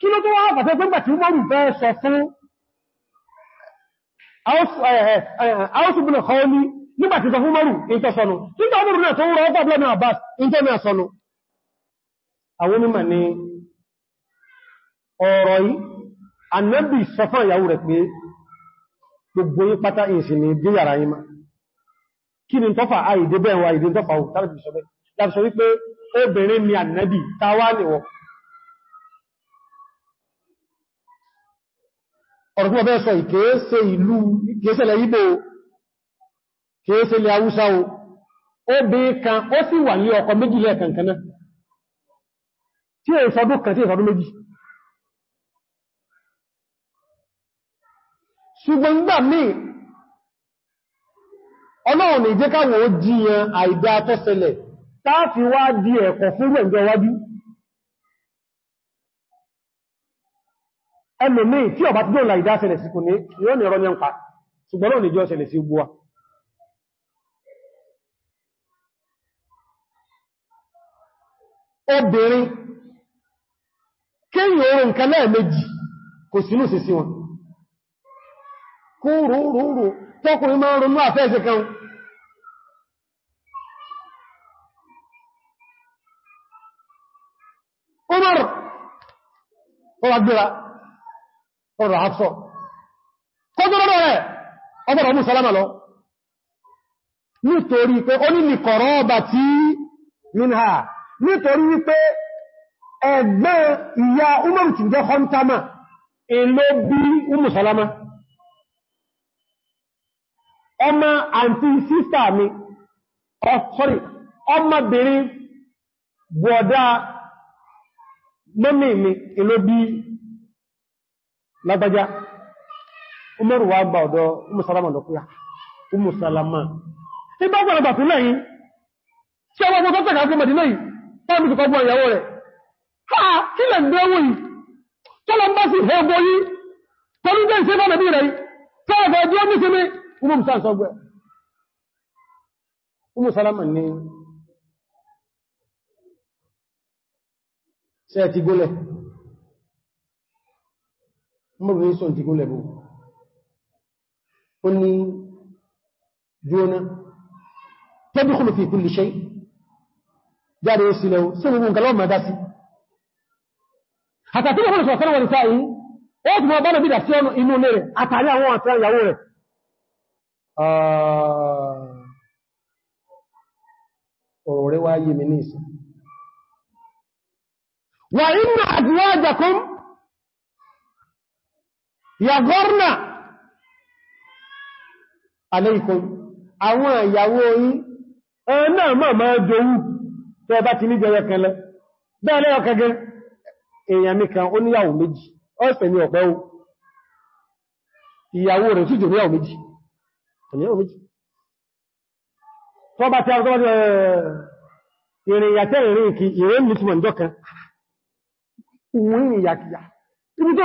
kí ló tó wá àpàtẹ́ pé gbàtí umaru fẹ́ sọ fún aosubunan eh, eh, eh, kọ́ ní nígbàtí sọ fún umaru in tọ́ sọnù nígbà umaru náà tó ń rọ ọgbà blẹ́mì abbas in tọ́ mẹ́ ni ọ̀rọ̀ yìí annabi sọ fún ìyàwó rẹ̀ pé gbogbo yí pátá ìsìn ní bí yàrá yí ma kí ni tọ́fà àìdébẹ̀ wa ìdí ọ̀rọ̀ fún ọbẹ́ sọ ìkéése ìlú kéèsẹ̀lẹ̀ Ìgbò kéèsẹ̀lẹ̀ Haúsá o ó bí kan ó sì wà ní ọkọ̀ méjìlẹ̀ kankaná tí è sọdún kan tí è sọdún méjì ṣùgbọ́n gbà mí ọlọ́run ìjẹ́káwò ó jíyàn àìdá tọ́sẹlẹ̀ táàfi wá di ẹ̀kọ́ fún rẹ̀ wájú ẹlòmí tí ọba tí ó là ìdá ṣẹlẹ̀ sí kò ní yóò ní ọ̀rọ̀ ní ọ̀pá ṣùgbọ́n lónìí jọ ṣẹlẹ̀ sí gbúwa obìnrin kéyìn oòrùn nǹkan lẹ́ẹ̀mejì kò sínú sí sí wọn kú rúrúrú tọ́kùnrin máa ronú àfẹ́ẹ̀ṣẹ́ kan ó ọ̀rọ̀ àfọ́ kọjọ́rọ̀ rẹ̀ ọgbọ̀rọ̀ mú salama lọ nítorí pé ó ní nìkọ̀rọ̀ ọba tí minha nítorí wípé ẹgbẹ́ ìyá umaru ti jẹ́ kọntama èlò bí umu salama ọmọ àǹtí sísta mi ọmọbìnrin bọ̀dá mọ́mí mi èlò bí lágbájá umaru wa gba ọ̀dọ̀ umusalama lọ́kúyà ah, umusalama tí bá gbọ́nà bàtí lẹ́yìn tí ọwọ́ ọmọ tọ́tẹ̀ káàkiri mẹ́dínà yìí tọ́lá mìtìkọ́ gbọ́ ìyàwó rẹ̀ ha kí lẹ̀ gbẹ́wò yìí tọ́lá ń bá sí ẹgbọ́ yìí tọ́lú jẹ́ mọ́rún ní sọ́n ti gún lẹ́bù ó ní jóná tadkhulu fi kulli shay jáde ó sílẹ̀ sínú nǹkan lọ́wọ́ mẹ́dá sí àtàtí lọ́wọ́ sọ̀tọ́rọ̀ wọn sáà yìí ó ti mọ́ bá lọ́bí dà sí ọ̀nà inú ilé rẹ̀ mi ní ìsìn wà inú àdúwájàkún yàgọ́rùnà aléìkòrò àwọn ìyàwó yín ẹ̀rùn náà máa máa jòwú tó ẹbá ti níjẹ ẹyẹ kẹlẹ bẹ́ẹ̀lẹ́ ọkẹgẹ́ èèyàn nìkan ó níyàwó méjì ọ́sẹ̀ ní ọ̀pẹ́ o ìyàwó rẹ̀ jòwú méjì tó bá ti àrùkọ́ kan ìyàkìyà ibi tó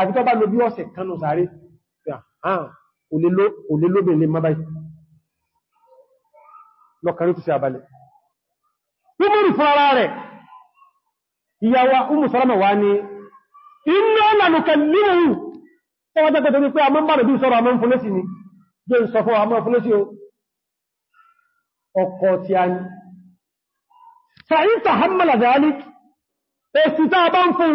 àti tó bá lo bí ọ̀sẹ̀ kanú sàárè olélóbìn lè mábáyì lọ́kàrí tó sí àbálẹ̀. Umaru fún ara rẹ̀, ìyàwó Umu Salama wá ní, iná lànùkẹ̀ nínú ọwọ́ jẹ́ pẹ̀tẹ̀ wípé a mọ́ bá rẹ̀ bí sọ́rọ̀ àmọ́ fúnlẹ́sì ni, jẹ́ ń sọ fún àmọ́ fúnlẹ́sì o, ọkọ̀ ti a ní. Sàíta Hammala Zalik, èsì tá a bá ń fún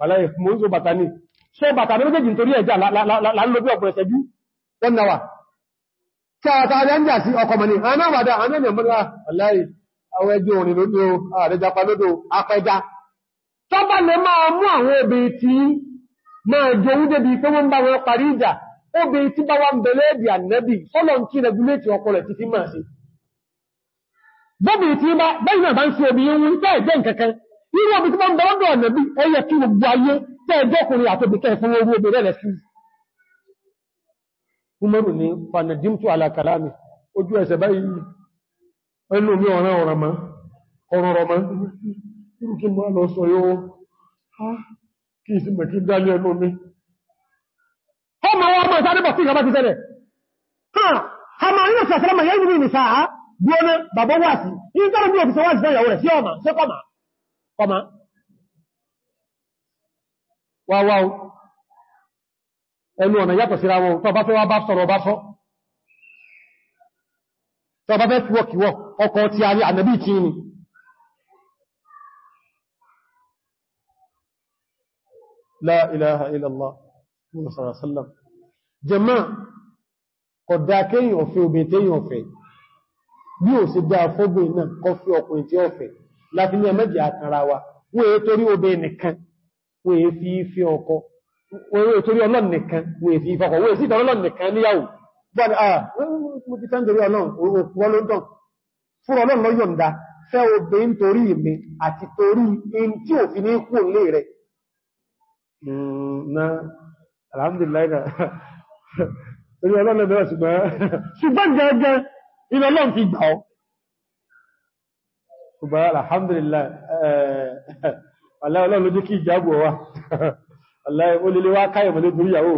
wàláyé mọ́nzó bàtà ní ṣe bàtà méjèèjì nítorí ẹ̀já lálóbí ọ̀pọ̀ ẹ̀sẹ̀jú wọ́n náwà tààtà àjá sí ọkọ̀ mọ̀ ní anáwàdá anẹ́nìyàmọ́lá wàláyé àwọn ẹjọ́ orin lódó àrẹjapa lódó apẹja tó bá lè ń bẹ̀lẹ̀ ànẹ́bì sọ́lọ̀ ń kí rẹ̀ bá bẹ́yìn náà bá ń nínú ọdún tí wọ́n bọ́ lọ́dọ̀ ọ̀nà bí ẹyẹ kí gbogbo ayé tẹ́ẹ̀dọ́kùnrin àtòbìkẹ́ fún owó obìnrin rẹ̀ sí umaru ni fanadimtu alakalami ojú ẹsẹ̀ báyìí ẹnu mi ọ̀rán ọ̀rán ma ọ̀rán ọ̀rán ma irú kí mọ́ lọ sọ yóò kí ìsìn mẹ̀kí dálé ẹnu mi ọmọ wọn mọ̀ ìsádẹ́bọ̀ sí ìjọba ọmọ wáwá ẹnu ọ̀nà yàtọ̀ síra wọn tó bá fẹ́ wá bá sọ̀rọ̀ bá sọ́ tó bá fẹ́ kíwọ́kíwọ́ ọkọ̀ tí a ní ànàbí tí ní la ilaha illallah sallallahu alaihi wasallam jàmá kódà kéyìn ọ̀fẹ́ obìnrin tẹ́yìn ọ̀fẹ́ bí ò sí dáa fóbìn láti ní ẹmẹ́jì àtàrà wa wọ́n èé torí obè nìkan wọ́n èé fi fi ọkọ wọ́n èé torí ọlọ́n nìkan wọ́n èé fi ìfọkọ̀ wọ́n èé sí ìtọ́rọ ọlọ́n nìkan níyàwó bọ́n àà mo ti tán torí ọlọ́n òkú ọlọ́dàn fún ọlọ́n lọ yọ̀nda fẹ́ obè ń torí mi ṣùgbọ́n gẹ́gẹ́ ilẹ̀ ọlọ́n gbà ọ́ ṣùgbọ́n alhamdulillah eh, aláwọ̀lọ́wọ́ lójú kí ìjábò wá olèlé wá káyẹ̀ mọ̀lé gúrí ìyàwó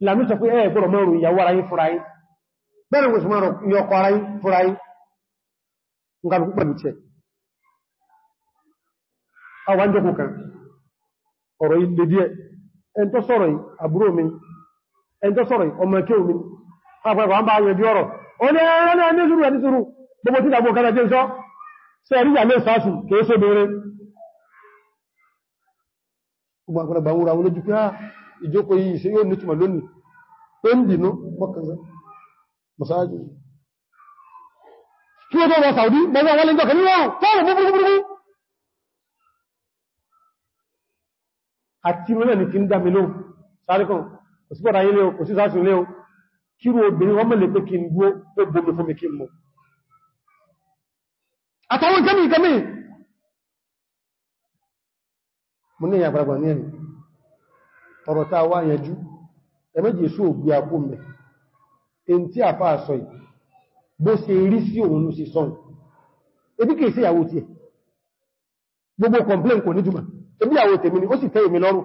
ìlànà sọ pé eh, ẹ̀ gbọ́rọ̀ mọ́rún ìyàwó ara yín fúra yín bẹ́rẹ̀ wọ́n sì mọ́rún yọkọ ara yín fúra yín nǹkan púpọ̀ ní tẹ́ gbogbo tí ìdàgbò kẹta jẹ́ sọ sí ẹ̀rí ìyà lè sáàsù kìí ṣe bèèrè gbogbo àgbàlagbà wúra wọn lójú pé á ah, ìjókòó yìí ṣe yóò nítumọ̀ lónìí pé Saudi mọ́sá wọlé jọ kẹ́lú wọn fọ́ọ̀rọ̀ búburú àti mọ́lẹ̀ ní kí ń dámi lóhùn sáré kan kò sí pọ̀dá yílé o kò sí sáàsù lé o kírò obìnrin wọ́n mẹ́lẹ̀ pé kí n gbó ó gbomi fún mi kí n mọ̀ àtàwọn kẹ́mì kẹ́mì mú ní àpàràgbà ní ẹ̀yìn ọ̀rọ̀ tàà wá yẹjú ẹmẹ́jì èṣù ògbé àpò mẹ́ èyí tí àfá àṣọ ì bó ṣe rí sí òun ló sì sọ́n ebí kìí sí ìyàwó tiẹ̀ gbogbo complain kò ní jùmọ̀ ebí ìyàwó tèmi ni ó sì tẹ́ èmi lọ́rùn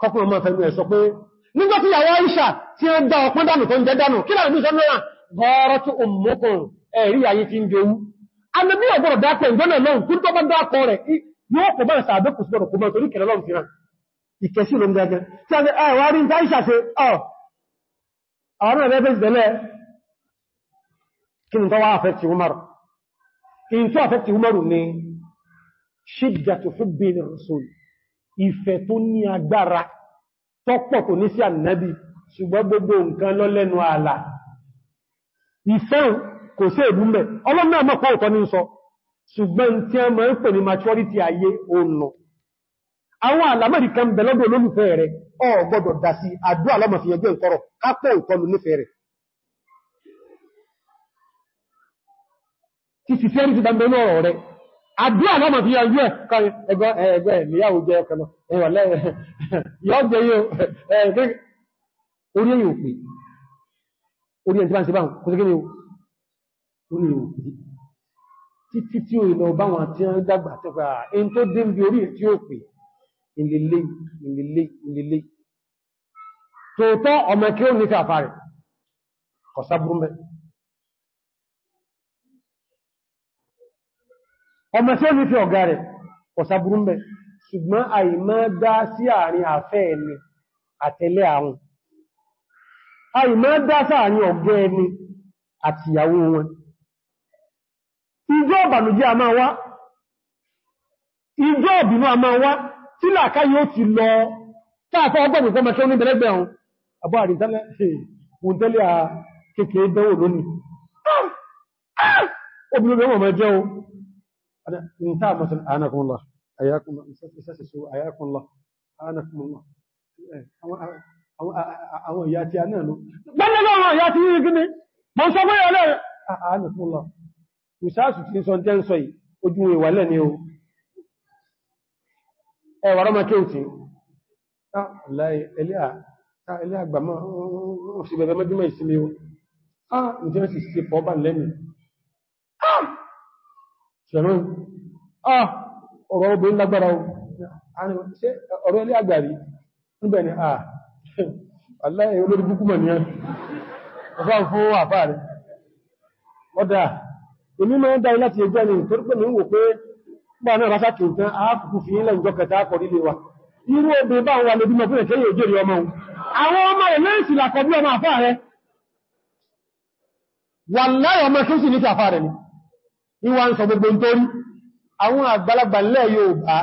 kọ́kùnrin ọmọ fẹ́nu ẹ̀ sọ pé nígbàtí ìyàwó Aisha tí ó dá ọpọ́n dànù tó ń jẹ dànù kí láàrín sọ náà gọ́ọ̀rọ̀ tó òmùkùn ẹ̀rí ayé fi ń jowú anàbí ọgbọ̀rọ̀ dápẹ̀ ìjọ́nà lọ́run kí tó bá dápọ̀ rẹ̀ yóò kò bá sàádọ́kù sí ọ̀rọ̀kùnmọ́ torí kẹrẹ lọ́run fi rán ìkẹsí ló ń gẹ́gẹ́ tí a ṣe ẹwà rí ní Aisha ṣe ọ̀ àwọn náà bẹ́ẹ̀ bẹ́ẹ̀ bẹ́ẹ̀ kí ni tó wá affect Umar in tó affect Umar ni shiddatu hubbi lir rasul ìfẹ́ tó ní agbára tọ́pọ̀ tó ní sí ànábì ṣùgbọ́n gbogbo nǹkan lọ lẹ́nu ààlà ìfẹ́ kò sí èbúmẹ̀ ọlọ́nà àmọ́pọ̀ òtọ́ ní sọ ṣùgbọ́n tí a máa ń pè ní maturity ayé ònà àwọn àlàmọ́dì kan bẹ̀lọ́dọ̀ olólùfẹ́ rẹ̀ ọ gbọ́dọ̀ dá sí àdúrà lọ́mọ̀ fi ẹgbẹ́ ìkọrọ̀ kápọ̀ ìkọlù nífẹ́ rẹ̀ ti sì fẹ́ rí ti bá mẹ́rin ọ̀rọ̀ rẹ̀ àdúrà náà màá fi yanjú ẹ̀ kan ẹgbẹ́ ẹgbẹ́ ìyàwó jẹ ọkàn ẹwà lẹ́yìn yọ́ yóò ẹgbẹ́ ni orí èyàn pè títí tí ó ìlọ báwọn àti ẹn dàgbà tó gbà ẹn tó dé bí orí tí ó pè ìlélé ìlélé ìlélé tòótọ́ ọmọ kí ó ní fẹ́ àfà ọmọ tí ó ní fi ọ̀gá rẹ̀ ọ̀sàbúrú mẹ́ ṣùgbọ́n àìmọ́ dá sí àárín àfẹ́ ẹni àtẹ́lẹ́ àwọn àìmọ́ dá sáàrin ọ̀gá ẹni àti ìyàwó wọn ìjọ ọ̀bànújẹ́ a máa wá ìjọ ọ̀bìnú a máa wá tí làká yóò ti lọ táàkọ́ ọgbọ̀n ah! ah! obìnrin ọmọ ẹjẹ́ أنا انتهى مثلا أعناكم الله أياكم إساس السوء أياكم الله أعناكم الله àwọn ìyá tí a náà ló gbẹ́lẹ̀ lọ́wọ́ ìyá tí yìí gíní mọ́ sọ mọ́ ìyàlẹ́ àánàkùn lọ ìsáàsù tí sọ jẹ́ ń sọ yìí ojú ìwàlẹ̀ ni o ẹwà rọ́mọ kéèkì ẹlẹ́ àgbàmọ́ ṣẹ̀rọ ah ọ̀rọ̀ obìnrin lágbára ọ̀rọ̀ ilé àgbàrí níbẹ̀ ni ah aláyé olórin búkúmọ̀ ni ọ̀fá fún àfá rẹ̀ ọ̀dá èmi máa láti ẹgbẹ́ ni tó pé gbà ọmọ kí ní rẹ̀ ni ìwà ń sọ gbogbo nítorí àwọn àgbàlagbà lẹ́ yóò bá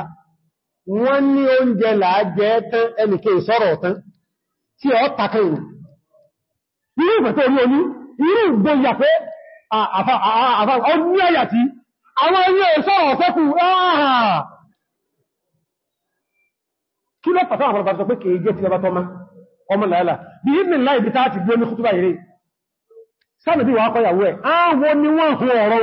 wọ́n ní oúnjẹ làájẹ́ tán ẹnìkè ìsọ́rọ̀ tán tí ọ takẹ̀ ìrù irú ìfẹ̀tẹ̀ orí oní irú ìgbóyà pé ọdún ẹ̀yà tí àwọn ilé ìsọ́rọ̀ ọ̀fẹ́kù kí lọ pàtàkì àwọn àpàtàkì pé kèé jẹ́ ti lọ bá ọmọ làálà bí i nìlá ibi táà ti gbé ní kútúbà ìrẹ́ sáàmì bí wà á kọ́yàwó ẹ̀ àwọn ni wọ́n hù ọ̀rọ̀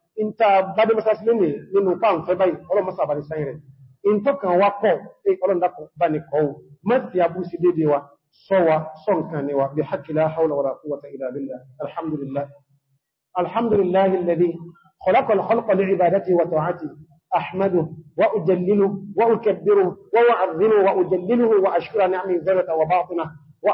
ìntà bádé mọ́sásí lónìí nínú pàǹfẹ́ báyìí ọlọ́mọ́sá bá ní sáyẹ̀ rẹ̀ ìntọ́kàn wá pọ̀ pé ọlọ́ndàkùn bá ní kọ́ mọ́sí abúsí dédé wa sọ́wa sọ́nkàn ni wa bí hakila haula wala quwwata illa billah alhamdulillah alhamdulillah alladhi khalaqa al-khalqa li'ibadati wa ta'atihi ahmaduhu wa ujalliluhu wa ukabbiruhu wa u'azzimuhu wa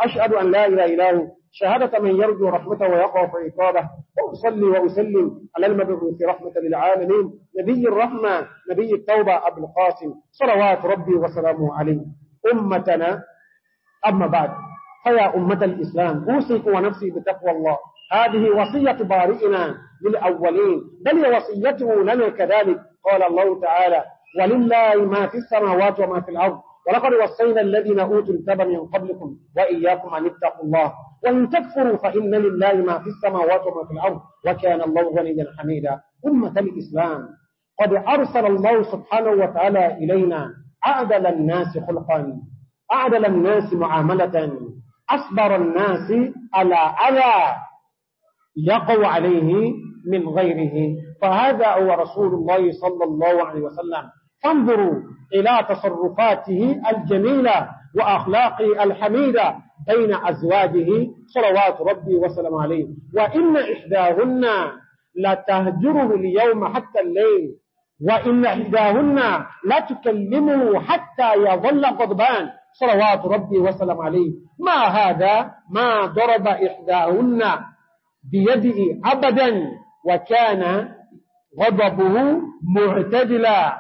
ujalliluhu wa شهادة من يرجو رحمته ويقع في إطابه وأصلي وأسلم على المبعوث رحمة للعالمين نبي الرحمة نبي التوبة أبو القاسم صلوات ربي وسلامه عليه أمتنا أما بعد فيا أمة الإسلام أوصيك ونفسي بتقوى الله هذه وصية بارئنا للأولين بل وصيته لنا كذلك قال الله تعالى ولله ما في السماوات وما في الأرض ولقد وصينا الذين أوتوا الكتاب من قبلكم وإياكم أن اتقوا الله وإن تكفروا فإن لله ما في السماوات وما في الأرض وكان الله غنيا حميدا أمة الإسلام قد أرسل الله سبحانه وتعالى إلينا أعدل الناس خلقا أعدل الناس معاملة أصبر الناس على أذى يقو عليه من غيره فهذا هو رسول الله صلى الله عليه وسلم فانظروا إلى تصرفاته الجميلة وأخلاقه الحميدة بين أزواجه صلوات ربي وسلم عليه وإن إحداهن لتهجره اليوم حتى الليل وإن إحداهن لا تكلمه حتى يظل قضبان صلوات ربي وسلم عليه ما هذا ما ضرب إحداهن بيده أبدا وكان غضبه معتدلا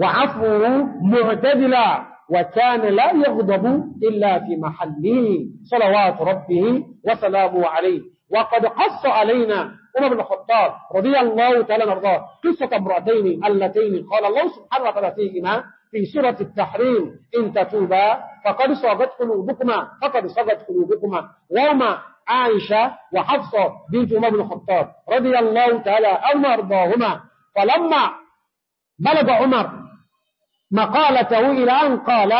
وعفوه معتدلا وكان لا يغضب إلا في محله صلوات ربه وسلامه عليه وقد قص علينا عمر بن الخطاب رضي الله تعالى نرضاه قصة امرأتين اللتين قال الله سبحانه وتعالى فيهما في سورة التحريم إن تتوبا فقد صغت قلوبكما فقد صغت قلوبكما وما عائشة وحفصة بنت عمر بن الخطاب رضي الله تعالى أو أرضاهما فلما بلغ عمر مقالته إلى أن قال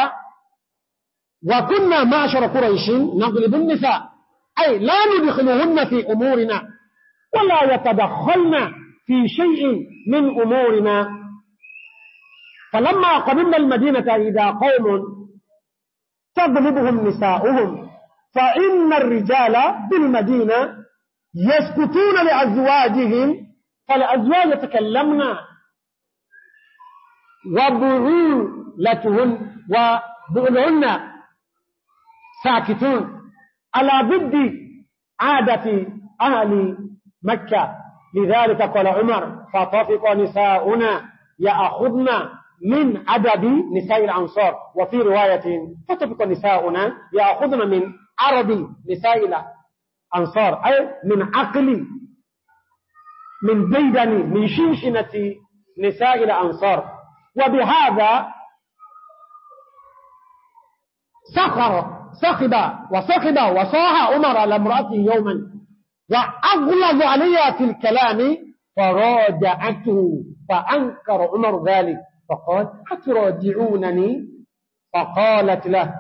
وكنا معشر قريش نغلب النساء أي لا ندخلهن في أمورنا ولا يتدخلن في شيء من أمورنا فلما قبلنا المدينة إذا قوم تغلبهم نساؤهم فإن الرجال بالمدينة يسكتون لأزواجهم فالأزواج يتكلمنا وبعولتهن وبعولهن ساكتون على ضد عادة أهل مكة لذلك قال عمر فطفق نساؤنا يأخذن من عدد نساء الأنصار وفي رواية فطفق نساؤنا يأخذن من عرض نساء الأنصار أي من عقل من ديدن من شمشنة نساء الأنصار وبهذا سخر سخب وسخب وصاح عمر على امرأته يوما وأغلظ عليها في الكلام فراجعته فأنكر عمر ذلك فقال أتراجعونني فقالت له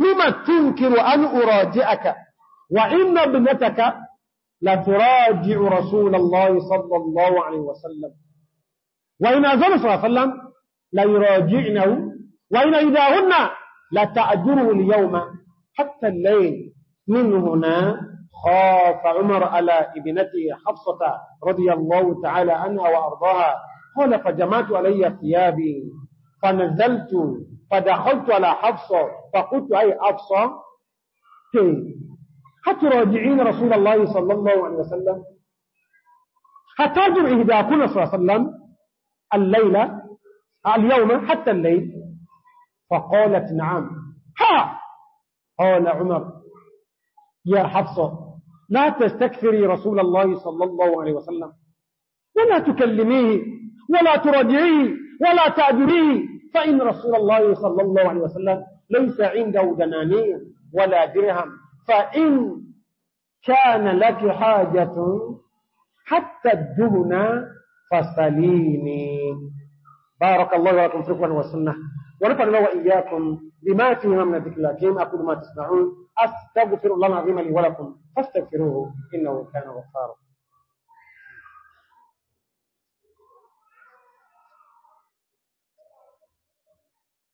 لما تنكر أن أراجعك وإن ابنتك لتراجع رسول الله صلى الله عليه وسلم وإن أزال صلى الله عليه وسلم ليراجعنه وإن لا لتأجره اليوم حتى الليل من هنا خاف عمر على ابنته حفصة رضي الله تعالى عنها وأرضاها قال فجمعت علي ثيابي فنزلت فدخلت على حفصة فقلت أي حفصة هتراجعين إيه. رسول الله صلى الله عليه وسلم هترجع إهداكنا صلى الله عليه وسلم الليلة اليوم حتى الليل فقالت نعم ها قال عمر يا حفصة لا تستكثري رسول الله صلى الله عليه وسلم ولا تكلميه ولا ترجعيه ولا تعذريه فإن رسول الله صلى الله عليه وسلم ليس عنده دنانير ولا درهم فإن كان لك حاجة حتى الدهن فسليني بارك الله لكم في القرآن والسنة ونفعل الله وإياكم بما فيهما من ذكر الحكيم أقول ما تسمعون أستغفر الله العظيم لي ولكم فاستغفروه إنه كان غفارا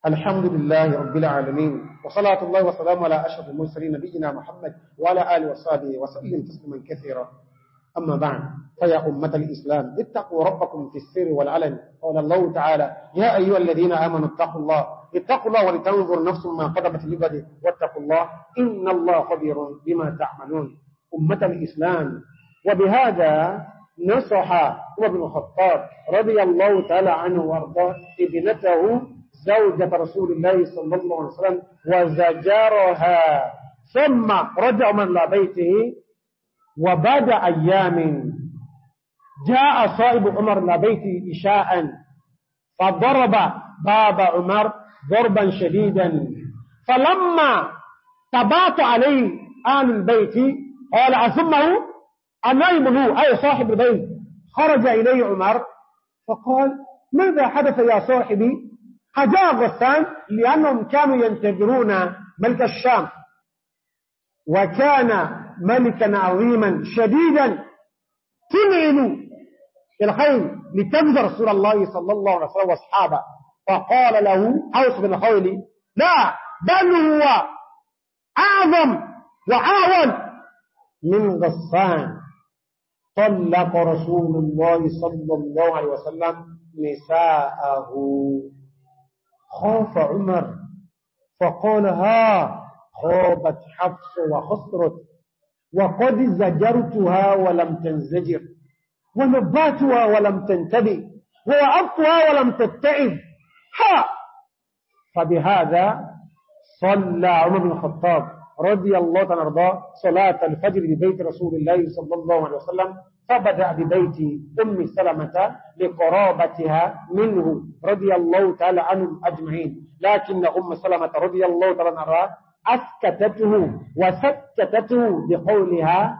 الحمد لله رب العالمين وصلاة الله وسلامه على أشرف المرسلين نبينا محمد وعلى آله وصحبه وسلم تسليما كثيرا أما بعد فيا أمة الإسلام اتقوا ربكم في السر والعلن قال الله تعالى يا أيها الذين آمنوا اتقوا الله اتقوا الله ولتنظر نفس ما قدمت لبده واتقوا الله إن الله خبير بما تعملون أمة الإسلام وبهذا نصح عمر بن الخطاب رضي الله تعالى عنه وارضاه ابنته زوجة رسول الله صلى الله عليه وسلم وزجرها ثم رجع من لبيته وبعد أيام جاء صائب عمر إلى إشاء فضرب باب عمر ضربا شديدا فلما تبات عليه آل البيت قال أثمه النائم أي صاحب البيت خرج إليه عمر فقال ماذا حدث يا صاحبي فجاء غسان لأنهم كانوا ينتظرون ملك الشام وكان ملكا عظيما شديدا تنعم الخير لتنذر رسول الله صلى الله عليه وسلم واصحابه فقال له اوس بن خولي لا بل هو اعظم واعون من غصان طلق رسول الله صلى الله عليه وسلم نساءه خاف عمر فقال ها خابت حفص وخسرت وقد زجرتها ولم تنزجر ونباتها ولم تنتبه ووعظتها ولم تتعب ها فبهذا صلى عمر بن الخطاب رضي الله تعالى عنه صلاة الفجر ببيت رسول الله صلى الله عليه وسلم فبدأ ببيت أم سلمة لقرابتها منه رضي الله تعالى عنهم أجمعين لكن أم سلمة رضي الله تعالى عنها أسكتته وسكتته بقولها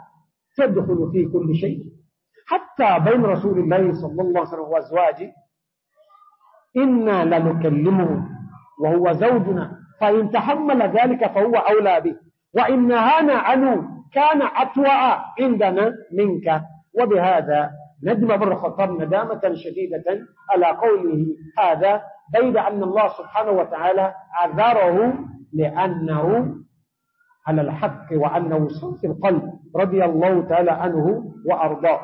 تدخل في كل شيء حتى بين رسول الله صلى الله عليه وسلم وأزواجه إنا لنكلمه وهو زوجنا فإن تحمل ذلك فهو أولى به وإن نهانا عنه كان أطوأ عندنا منك وبهذا ندم بن الخطاب ندامة شديدة على قوله هذا بيد أن الله سبحانه وتعالى عذره لأنه على الحق وأنه صوت القلب رضي الله تعالى عنه وأرضاه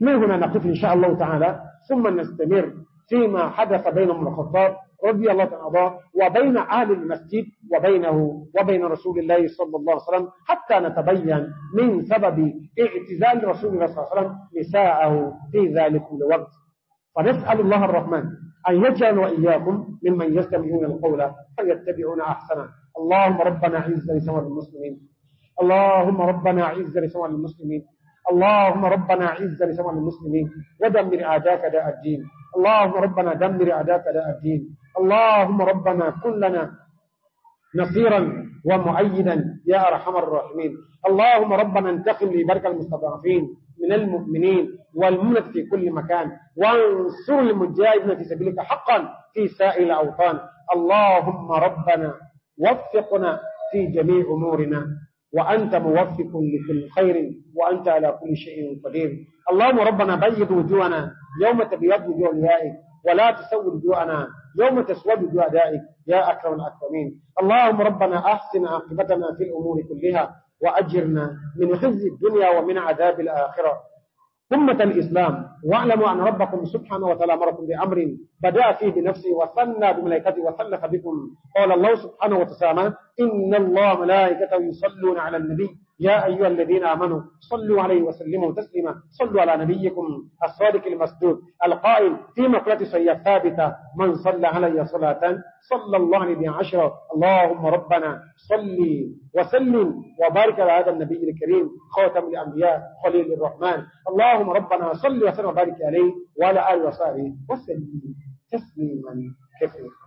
من هنا نقف إن شاء الله تعالى ثم نستمر فيما حدث بين ابن الخطاب رضي الله تعالى وبين آل المسجد وبينه وبين رسول الله صلى الله عليه وسلم حتى نتبين من سبب اعتزال رسول الله صلى الله عليه وسلم نساءه في ذلك الوقت فنسأل الله الرحمن أن يجعل وإياكم ممن يستمعون القول فيتبعون أحسنه اللهم ربنا عز لسوى المسلمين اللهم ربنا عز لسوى المسلمين اللهم ربنا عز لسوى المسلمين ودمر آداك داء الدين اللهم ربنا دمر آداك داء الدين اللهم ربنا كلنا نصيرا ومؤيدا يا أرحم الراحمين اللهم ربنا انتقم لبرك المستضعفين من المؤمنين والمؤمنة في كل مكان وانصر المجاهدين في سبيلك حقا في سائر الأوطان اللهم ربنا وفقنا في جميع أمورنا وأنت موفق لكل خير وأنت على كل شيء قدير اللهم ربنا بيض وجوهنا يوم تبيض وجوه أوليائك ولا تسود وجوهنا يوم تسود وجوه أدائك يا أكرم الأكرمين اللهم ربنا أحسن عاقبتنا في الأمور كلها وأجرنا من خزي الدنيا ومن عذاب الآخرة أمة الإسلام واعلموا أن ربكم سبحانه وتعالى أمركم بأمر بدأ فيه بنفسه وثنى بملائكته وصلف بكم قال الله سبحانه وتعالى إن الله ملائكته يصلون على النبي يا أيها الذين آمنوا صلوا عليه وسلموا تسليما صلوا على نبيكم الصادق المسدود القائل في مقلة صية ثابتة من صلى علي صلاة صلى الله عليه عشرة اللهم ربنا صلي وسلم وبارك على هذا النبي الكريم خاتم الأنبياء خليل الرحمن اللهم ربنا صلي وسلم وبارك عليه وعلى آله وصحبه وسلم تسليما كثيرا